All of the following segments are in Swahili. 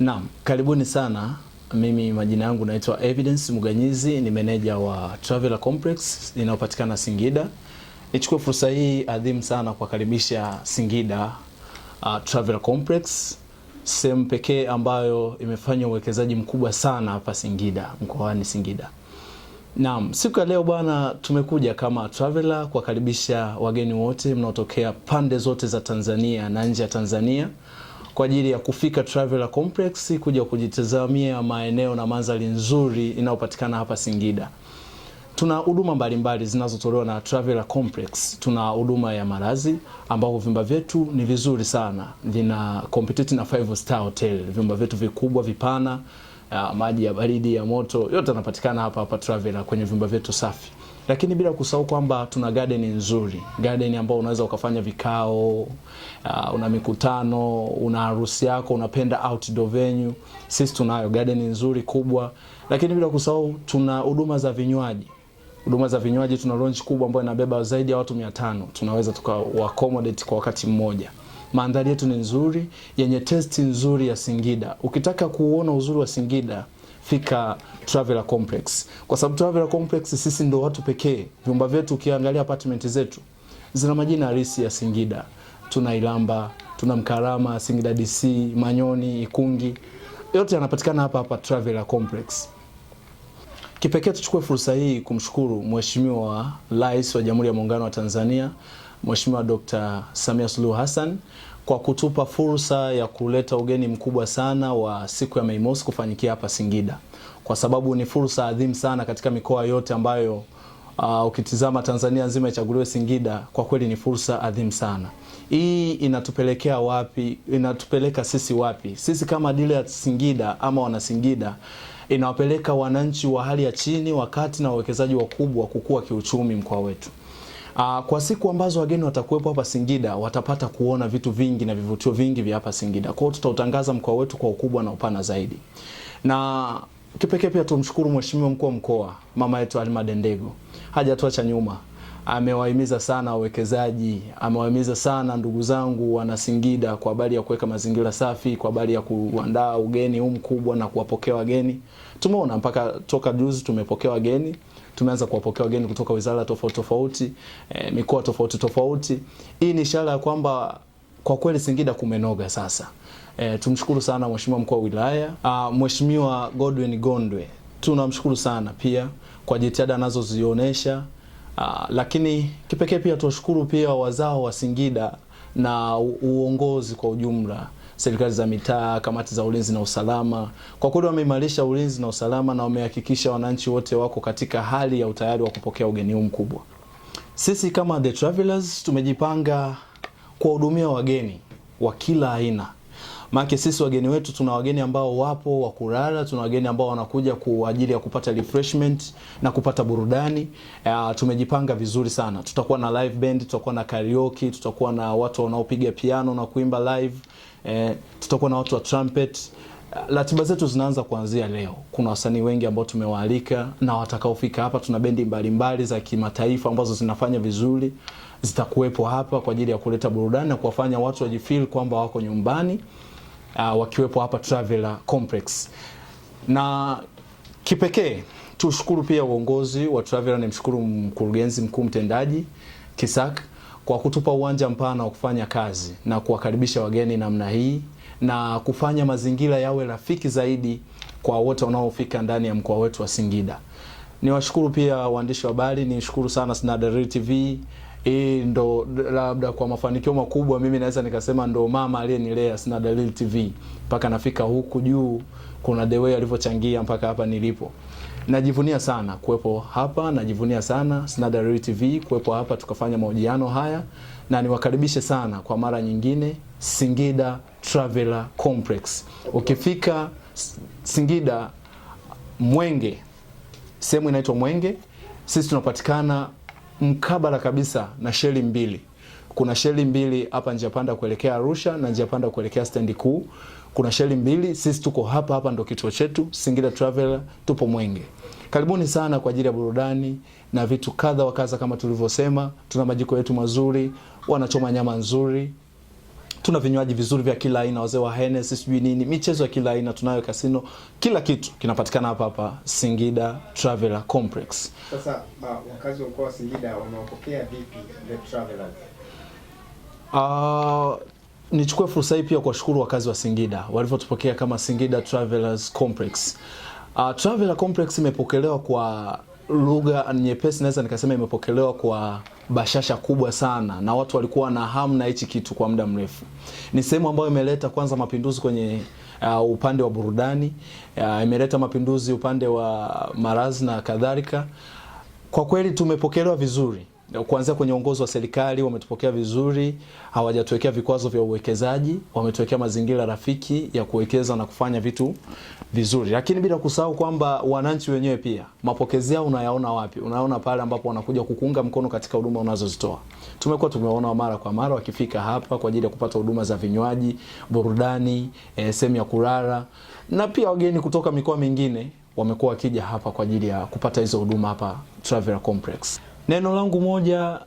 Naam, karibuni sana. Mimi majina yangu naitwa Evidence Muganyizi, ni meneja wa Traveler Complex inayopatikana Singida. Nichukue fursa hii adhimu sana kuwakaribisha Singida uh, Traveler Complex, sehemu pekee ambayo imefanya uwekezaji mkubwa sana hapa Singida, mkoani Singida. Naam, siku ya leo bwana, tumekuja kama Traveller kuwakaribisha wageni wote mnaotokea pande zote za Tanzania na nje ya Tanzania kwa ajili ya kufika Traveller Complex kuja kujitazamia maeneo na mandhari nzuri inayopatikana hapa Singida. Tuna huduma mbalimbali zinazotolewa na Traveller Complex. Tuna huduma ya malazi ambapo vyumba vyetu ni vizuri sana, vina competitive na five star hotel. Vyumba vyetu vikubwa, vipana, maji ya baridi, ya moto, yote yanapatikana hapa hapa Traveller kwenye vyumba vyetu safi lakini bila kusahau kwamba tuna garden nzuri, garden ambayo unaweza ukafanya vikao uh, una mikutano, una harusi yako, unapenda outdoor venue, sisi tunayo garden nzuri kubwa. Lakini bila kusahau tuna huduma za vinywaji huduma za vinywaji, tuna lounge kubwa ambayo inabeba zaidi ya watu 500 tunaweza tukawaaccommodate kwa wakati mmoja. Mandhari yetu ni nzuri yenye testi nzuri ya Singida. Ukitaka kuona uzuri wa Singida fika Traveler Complex, kwa sababu Traveler Complex sisi ndio watu pekee, vyumba vyetu ukiangalia apartment zetu zina majina halisi ya Singida. Tuna Ilamba, tuna Mkarama, Singida DC, Manyoni, Ikungi, yote yanapatikana hapa hapa Traveler Complex. Kipekee tuchukue fursa hii kumshukuru Mheshimiwa Rais wa Jamhuri ya Muungano wa Tanzania, Mheshimiwa Dr. Samia Suluhu Hassan kwa kutupa fursa ya kuleta ugeni mkubwa sana wa siku ya Mei Mosi kufanyikia hapa Singida, kwa sababu ni fursa adhimu sana katika mikoa yote ambayo uh, ukitizama Tanzania nzima ichaguliwe Singida, kwa kweli ni fursa adhimu sana. Hii inatupelekea wapi? Inatupeleka sisi wapi? Sisi kama ya Singida ama wanasingida inawapeleka wananchi wa hali ya chini, wakati na wawekezaji wakubwa kukua kiuchumi mkoa wetu. Uh, kwa siku ambazo wageni watakuwepo hapa Singida watapata kuona vitu vingi na vivutio vingi vya hapa Singida. Kwa hiyo tutautangaza mkoa wetu kwa ukubwa na upana zaidi. Na kipekee pia tumshukuru Mheshimiwa Mkuu wa Mkoa, mama yetu Halima Dendego. Hajatuacha nyuma. Amewahimiza sana wawekezaji, amewahimiza sana ndugu zangu wana Singida kwa habari ya kuweka mazingira safi, kwa habari ya kuandaa ugeni huu mkubwa na kuwapokea wageni. Tumeona mpaka toka juzi tumepokea wageni tumeanza kuwapokea wageni kutoka wizara tofauti tofauti, e, mikoa tofauti tofauti. Hii ni ishara ya kwamba kwa kweli Singida kumenoga sasa. E, tumshukuru sana mheshimiwa mkuu wa wilaya ah, mheshimiwa Godwin Gondwe, tunamshukuru sana pia kwa jitihada anazozionyesha, ah, lakini kipekee pia tuwashukuru pia wazao wa Singida na uongozi kwa ujumla serikali za mitaa, kamati za ulinzi na usalama. Kwa kweli wameimarisha ulinzi na usalama na wamehakikisha wananchi wote wako katika hali ya utayari wa kupokea ugeni huu mkubwa. Sisi kama The Travelers tumejipanga kuwahudumia wageni wa kila aina. Maana sisi wageni wetu tuna wageni ambao wapo wa kulala, tuna wageni ambao wanakuja kwa ajili ya kupata refreshment na kupata burudani. Uh, tumejipanga vizuri sana. Tutakuwa na live band, tutakuwa na karaoke, tutakuwa na watu wanaopiga piano na kuimba live. Eh, tutakuwa na watu wa trumpet. Ratiba zetu zinaanza kuanzia leo. Kuna wasanii wengi ambao tumewaalika na watakaofika hapa. Tuna bendi mbalimbali za kimataifa ambazo zinafanya vizuri, zitakuwepo hapa kwa ajili ya kuleta burudani na kuwafanya watu wajifil kwamba wako nyumbani, uh, wakiwepo hapa traveler Complex. Na kipekee tushukuru pia uongozi wa Traveller, mshukuru mkurugenzi mkuu mtendaji Kisaka kwa kutupa uwanja mpana wa kufanya kazi na kuwakaribisha wageni namna hii na kufanya mazingira yawe rafiki zaidi kwa wote wanaofika ndani ya mkoa wetu wa Singida. Niwashukuru pia waandishi wa habari, nishukuru sana Snadareal TV. Hii ndo labda kwa mafanikio makubwa mimi naweza nikasema ndo mama aliyenilea Snadareal TV mpaka nafika huku juu. Kuna dewe alivyochangia mpaka hapa nilipo. Najivunia sana kuwepo hapa, najivunia sana Real TV kuwepo hapa tukafanya mahojiano haya, na niwakaribishe sana kwa mara nyingine Singida Traveler Complex. Ukifika Singida Mwenge, sehemu inaitwa Mwenge, sisi tunapatikana mkabala kabisa na sheli mbili. Kuna sheli mbili hapa njia panda kuelekea Arusha na njia panda kuelekea stendi kuu kuna sheli mbili, sisi tuko hapa hapa, ndo kituo chetu Singida Traveler, tupo Mwenge. Karibuni sana kwa ajili ya burudani na vitu kadha wa kadha. Kama tulivyosema, tuna majiko yetu mazuri, wanachoma nyama nzuri, tuna vinywaji vizuri vya kila aina, wazee wa Hennessy sijui nini, michezo ya kila aina, tunayo kasino, kila kitu kinapatikana hapa hapa Singida Traveler Complex. Sasa wakazi wa mkoa wa Singida wanaopokea vipi the travelers? Uh, nichukue fursa hii pia kuwashukuru wakazi wa Singida walivyotupokea kama Singida Travelers Complex. Uh, Traveler Complex imepokelewa kwa lugha nyepesi, naweza nikasema imepokelewa kwa bashasha kubwa sana, na watu walikuwa na hamu na hichi kitu kwa muda mrefu. Ni sehemu ambayo imeleta kwanza mapinduzi kwenye uh, upande wa burudani uh, imeleta mapinduzi upande wa marazi na kadhalika. Kwa kweli tumepokelewa vizuri kuanzia kwenye uongozi wa serikali wametupokea vizuri, hawajatuwekea vikwazo vya uwekezaji, wametuwekea mazingira rafiki ya kuwekeza na kufanya vitu vizuri. Lakini bila kusahau kwamba wananchi wenyewe pia mapokezi yao unayaona wapi? Unaona pale ambapo wanakuja kukuunga mkono katika huduma unazozitoa. Tumekuwa tumeona mara kwa mara wakifika hapa kwa ajili ya kupata huduma za vinywaji, burudani, eh, sehemu ya kulala na pia wageni kutoka mikoa mingine wamekuwa wakija hapa kwa ajili ya kupata hizo huduma hapa Travellers Complex. Neno langu moja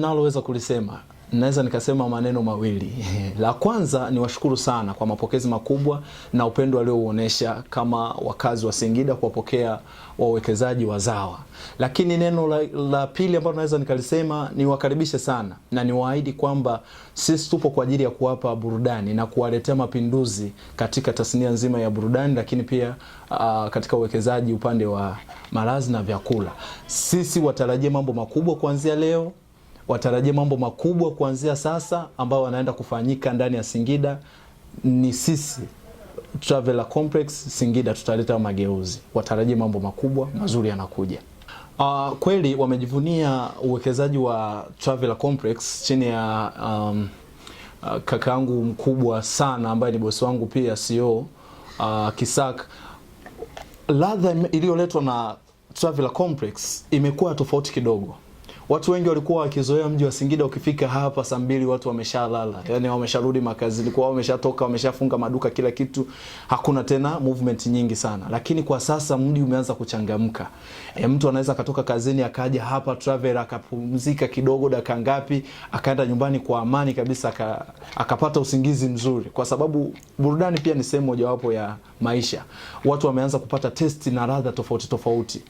naloweza kulisema naweza nikasema maneno mawili. La kwanza ni washukuru sana kwa mapokezi makubwa na upendo waliouonyesha kama wakazi wa Singida kuwapokea wawekezaji wazawa, lakini neno la, la pili ambalo naweza nikalisema ni wakaribishe sana na niwaahidi kwamba sisi tupo kwa ajili ya kuwapa burudani na kuwaletea mapinduzi katika tasnia nzima ya burudani, lakini pia uh, katika uwekezaji upande wa malazi na vyakula. Sisi watarajie mambo makubwa kuanzia leo watarajie mambo makubwa kuanzia sasa ambayo wanaenda kufanyika ndani ya Singida. Ni sisi Traveler Complex Singida tutaleta mageuzi, watarajie mambo makubwa mazuri yanakuja. Uh, kweli wamejivunia uwekezaji wa Traveler Complex chini ya um, uh, kakaangu mkubwa sana ambaye ni bosi wangu pia CEO uh, Kisak. Ladha iliyoletwa na Traveler Complex imekuwa tofauti kidogo watu wengi walikuwa wakizoea mji wa Singida, ukifika hapa saa mbili watu wameshalala, yani wamesharudi makazi, kwao, wameshatoka, wameshafunga maduka, kila kitu, hakuna tena movement nyingi sana. Lakini kwa sasa mji umeanza kuchangamka. E, mtu anaweza akatoka kazini akaja hapa travel akapumzika kidogo dakika ngapi, akaenda nyumbani kwa amani kabisa, aka, akapata usingizi mzuri, kwa sababu burudani pia ni sehemu mojawapo ya maisha. Watu wameanza kupata testi na ladha tofauti tofauti.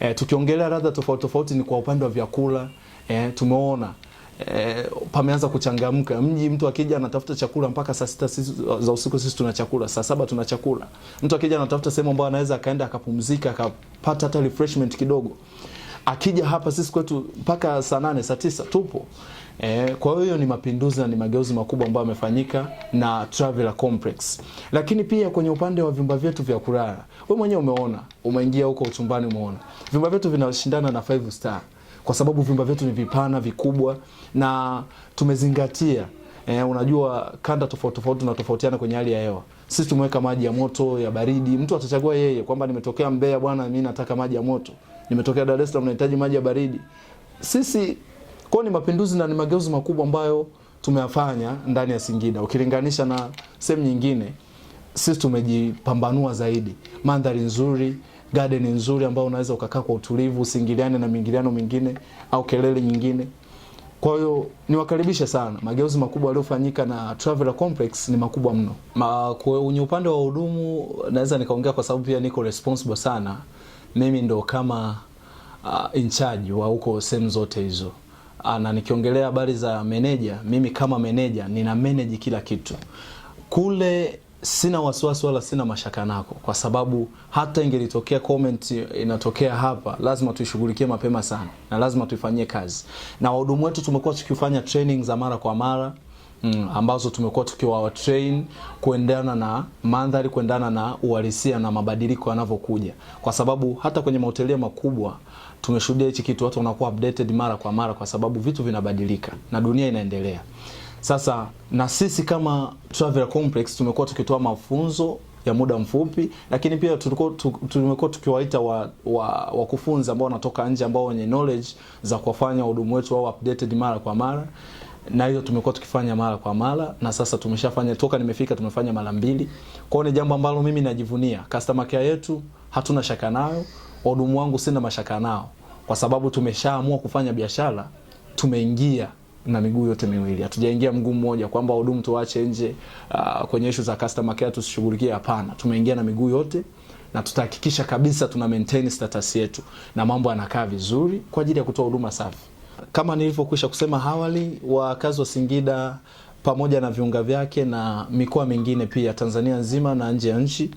Eh, tukiongelea ladha tofauti tofauti ni kwa upande wa vyakula eh, tumeona e, pameanza kuchangamka mji. Mtu akija anatafuta chakula mpaka saa sita za usiku, sisi tuna chakula saa saba tuna chakula. Mtu akija anatafuta sehemu ambayo anaweza akaenda akapumzika akapata hata refreshment kidogo akija hapa sisi kwetu mpaka saa nane saa tisa tupo. eh. kwa hiyo ni mapinduzi na ni mageuzi makubwa ambayo yamefanyika na Traveler Complex, lakini pia kwenye upande wa vyumba vyetu vya kulala, we mwenyewe umeona, umeingia huko uchumbani, umeona vyumba vyetu vinashindana na five star kwa sababu vyumba vyetu ni vipana vikubwa na tumezingatia e, unajua kanda tofauti tofauti na tofautiana kwenye hali ya hewa. Sisi tumeweka maji ya moto, ya baridi, mtu atachagua yeye kwamba nimetokea Mbeya bwana, mimi nataka maji ya moto nimetokea Dar es Salaam, nahitaji maji ya baridi. Sisi kwa ni mapinduzi na ni mageuzi makubwa ambayo tumeyafanya ndani ya Singida ukilinganisha na sehemu nyingine. Sisi tumejipambanua zaidi, mandhari nzuri, garden nzuri ambayo unaweza ukakaa kwa utulivu, usingiliane na mingiliano mingine au kelele nyingine. Kwa hiyo niwakaribishe sana. Mageuzi makubwa yaliyofanyika na Traveler Complex ni makubwa mno. Ma, kwenye upande wa hudumu naweza nikaongea kwa sababu pia niko responsible sana mimi ndo kama uh, in wa huko sehemu zote hizo uh, na nikiongelea habari za meneja, mimi kama meneja nina manage kila kitu kule. Sina wasiwasi wala sina mashaka nako, kwa sababu hata ingelitokea comment inatokea hapa, lazima tuishughulikie mapema sana na lazima tuifanyie kazi, na wahudumu wetu tumekuwa tukifanya training za mara kwa mara mm, ambazo tumekuwa tukiwa train kuendana na mandhari, kuendana na uhalisia na mabadiliko yanavyokuja, kwa sababu hata kwenye mahotelia makubwa tumeshuhudia hichi kitu, watu wanakuwa updated mara kwa mara, kwa sababu vitu vinabadilika na dunia inaendelea. Sasa na sisi kama Travel Complex tumekuwa tukitoa mafunzo ya muda mfupi, lakini pia tulikuwa tumekuwa tukiwaita wa, wa, wa ambao wanatoka nje ambao wenye knowledge za kuwafanya wahudumu wetu wao updated mara kwa mara na hiyo tumekuwa tukifanya mara kwa mara, na sasa tumeshafanya toka nimefika tumefanya mara mbili. Kwao ni jambo ambalo mimi najivunia. Customer care yetu hatuna shaka nayo, wahudumu wangu sina mashaka nao, kwa sababu tumeshaamua kufanya biashara, tumeingia na miguu yote miwili, hatujaingia mguu mmoja kwamba wahudumu tuwache nje. Uh, kwenye issue za customer care tusishughulikie, hapana, tumeingia na miguu yote na tutahakikisha kabisa tuna maintain status yetu na mambo yanakaa vizuri kwa ajili ya kutoa huduma safi. Kama nilivyokwisha kusema awali, wakazi wa Singida pamoja na viunga vyake na mikoa mingine pia Tanzania nzima na nje ya nchi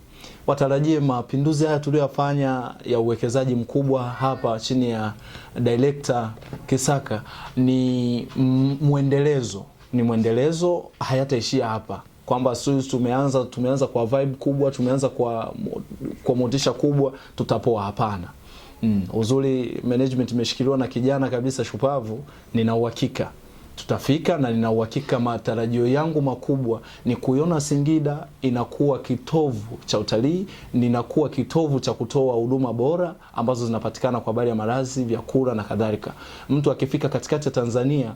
watarajie mapinduzi haya tuliyoyafanya ya uwekezaji mkubwa hapa chini ya Director Kisaka ni mwendelezo, ni mwendelezo, hayataishia hapa kwamba sisi tumeanza tumeanza kwa vibe kubwa, tumeanza kwa kwa motisha kubwa, tutapoa. Hapana. Mm. Uzuri management imeshikiliwa na kijana kabisa shupavu, nina uhakika tutafika na nina uhakika matarajio yangu makubwa ni kuiona Singida inakuwa kitovu cha utalii, ninakuwa kitovu cha kutoa huduma bora ambazo zinapatikana kwa habari ya malazi, vyakula na kadhalika. Mtu akifika katikati ya Tanzania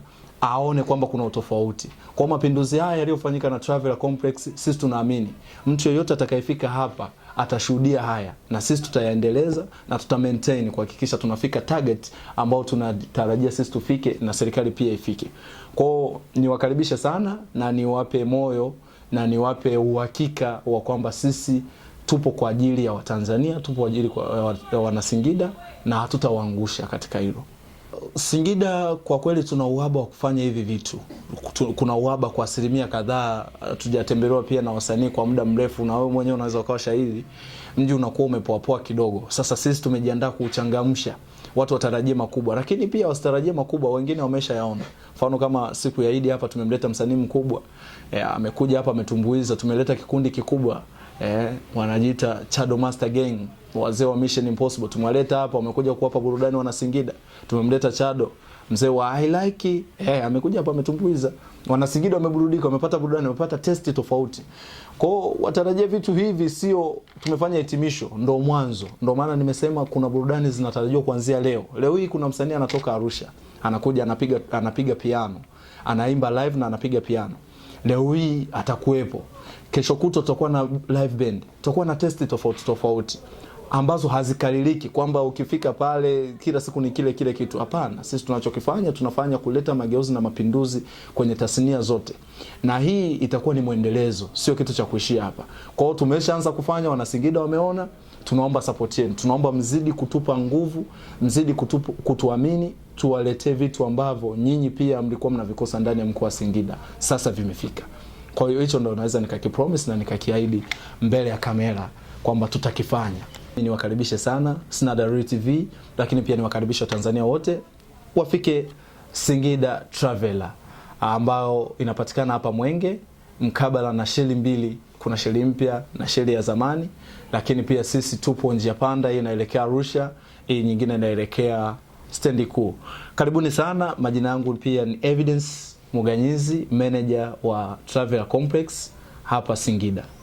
aone kwamba kuna utofauti. Kwa mapinduzi haya yaliyofanyika na Traveller Complex, sisi tunaamini mtu yeyote atakayefika hapa atashuhudia haya na sisi tutayaendeleza na tuta maintain kuhakikisha tunafika target ambao tunatarajia sisi tufike na serikali pia ifike. Kwao niwakaribisha sana na niwape moyo na niwape uhakika wa kwamba sisi tupo kwa ajili ya Watanzania, tupo kwa ajili ya eh, eh, Wanasingida na hatutawaangusha katika hilo. Singida kwa kweli tuna uhaba wa kufanya hivi vitu. Kuna uhaba kwa asilimia kadhaa, tujatembelewa pia na wasanii kwa muda mrefu, na wewe mwenyewe unaweza ukawa shahidi, mji unakuwa umepoapoa kidogo. Sasa sisi tumejiandaa kuuchangamsha, watu watarajie makubwa, lakini pia wasitarajie makubwa, wengine wameshayaona. Mfano kama siku ya Idi hapa tumemleta msanii mkubwa e, amekuja hapa ametumbuiza, tumeleta kikundi kikubwa e, wanajiita Chado Master Gang wazee wa Mission Impossible tumewaleta hapa, wamekuja kuwapa burudani wana Singida. Tumemleta Chado mzee wa I like eh, amekuja hapa ametumbuiza wana Singida, wameburudika, wamepata burudani, wamepata testi tofauti. Kwa hiyo watarajia vitu hivi, sio tumefanya hitimisho, ndo mwanzo. Ndo maana nimesema kuna burudani zinatarajiwa kuanzia leo. Leo hii kuna msanii anatoka Arusha anakuja anapiga anapiga piano anaimba live na anapiga piano. Leo hii atakuwepo, kesho kuto tutakuwa na live band, tutakuwa na testi tofauti tofauti ambazo hazikaliliki kwamba ukifika pale kila siku ni kile kile kitu. Hapana, sisi tunachokifanya tunafanya kuleta mageuzi na mapinduzi kwenye tasnia zote, na hii itakuwa ni mwendelezo, sio kitu cha kuishia hapa. Kwa hiyo tumeshaanza kufanya, Wanasingida wameona, tunaomba support yenu, tunaomba mzidi kutupa nguvu, mzidi kutupu, kutuamini, tuwaletee vitu ambavyo nyinyi pia mlikuwa mnavikosa ndani ya mkoa wa Singida, sasa vimefika. Kwa hiyo hicho ndo naweza nikakipromise na nikakiahidi mbele ya kamera kwamba tutakifanya. Niwakaribishe sana Snadareal TV, lakini pia niwakaribishe Watanzania wote wafike Singida Traveler ambayo inapatikana hapa Mwenge mkabala na sheli mbili. Kuna sheli mpya na sheli ya zamani, lakini pia sisi tupo njia panda. Hii inaelekea Arusha, hii nyingine inaelekea stendi kuu. Karibuni sana. Majina yangu pia ni Evidence Muganyizi, manager wa Traveler Complex hapa Singida.